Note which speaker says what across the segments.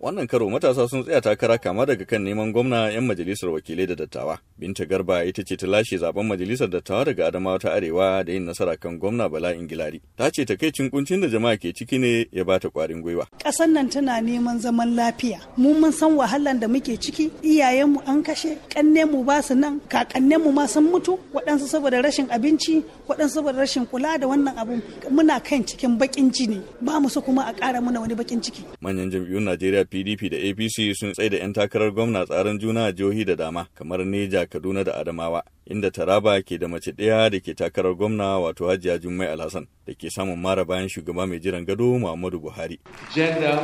Speaker 1: Wannan karo matasa sun tsaya takara kama daga kan neman gwamna 'yan majalisar wakilai da dattawa. Binta Garba ita ce ta lashe zaben majalisar dattawa daga Adamawa ta Arewa da yin nasara kan gwamna Bala Ingilari. Ta ce takaicin kuncin da jama'a ke ciki ne ya bata kwarin gwiwa.
Speaker 2: Ƙasar nan tana neman zaman lafiya. Mu mun san wahalan da muke ciki, iyayenmu an kashe, kanne mu ba su nan, kakanne mu ma sun mutu, waɗansu saboda rashin abinci, waɗansu saboda rashin kula da wannan abun. Muna kan cikin baƙin jini, ba mu so kuma a ƙara muna wani baƙin ciki.
Speaker 1: Manyan jam'iyyun Najeriya PDP da APC sun tsaye da 'yan takarar gwamna tsarin juna a jihohi da dama kamar Neja, Kaduna da Adamawa, inda Taraba ke da mace ɗaya da ke takarar gwamna wato Hajiya Jummai Alhassan da ke samun mara bayan shugaba mai jiran gado Muhammadu Buhari. Gender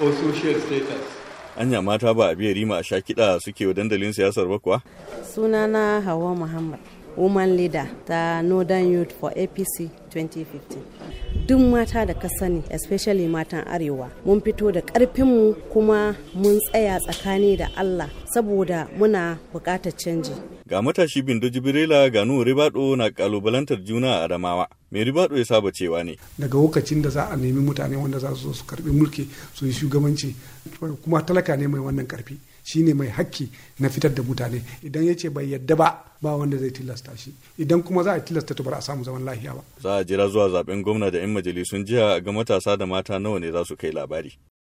Speaker 1: or social status anya mata ba a biya rima a sha kiɗa suke wa dandalin siyasar ba kuwa?
Speaker 3: Sunana Hawa Muhammad, Woman Leader ta Northern Youth for APC 2015. duk mata da ka sani especially matan arewa mun fito da ƙarfinmu kuma mun tsaya tsakani da allah saboda muna bukatar canji
Speaker 1: Ga matashi Bindo Jibrila ga Nuhu Ribado na kalubalantar juna a Adamawa. Mai ribaɗo ya saba cewa ne.
Speaker 4: Daga lokacin da za a nemi mutane wanda za su zo su karbi mulki su yi shugabanci kuma talaka ne mai wannan karfi. shi ne mai hakki na fitar da mutane idan ya ce bai yadda ba ba wanda zai tilasta shi idan kuma za a tilasta to ba a samu zaman lafiya ba
Speaker 1: za a jira zuwa zaben gwamna da 'yan majalisun jiha ga matasa da mata nawa ne za su kai labari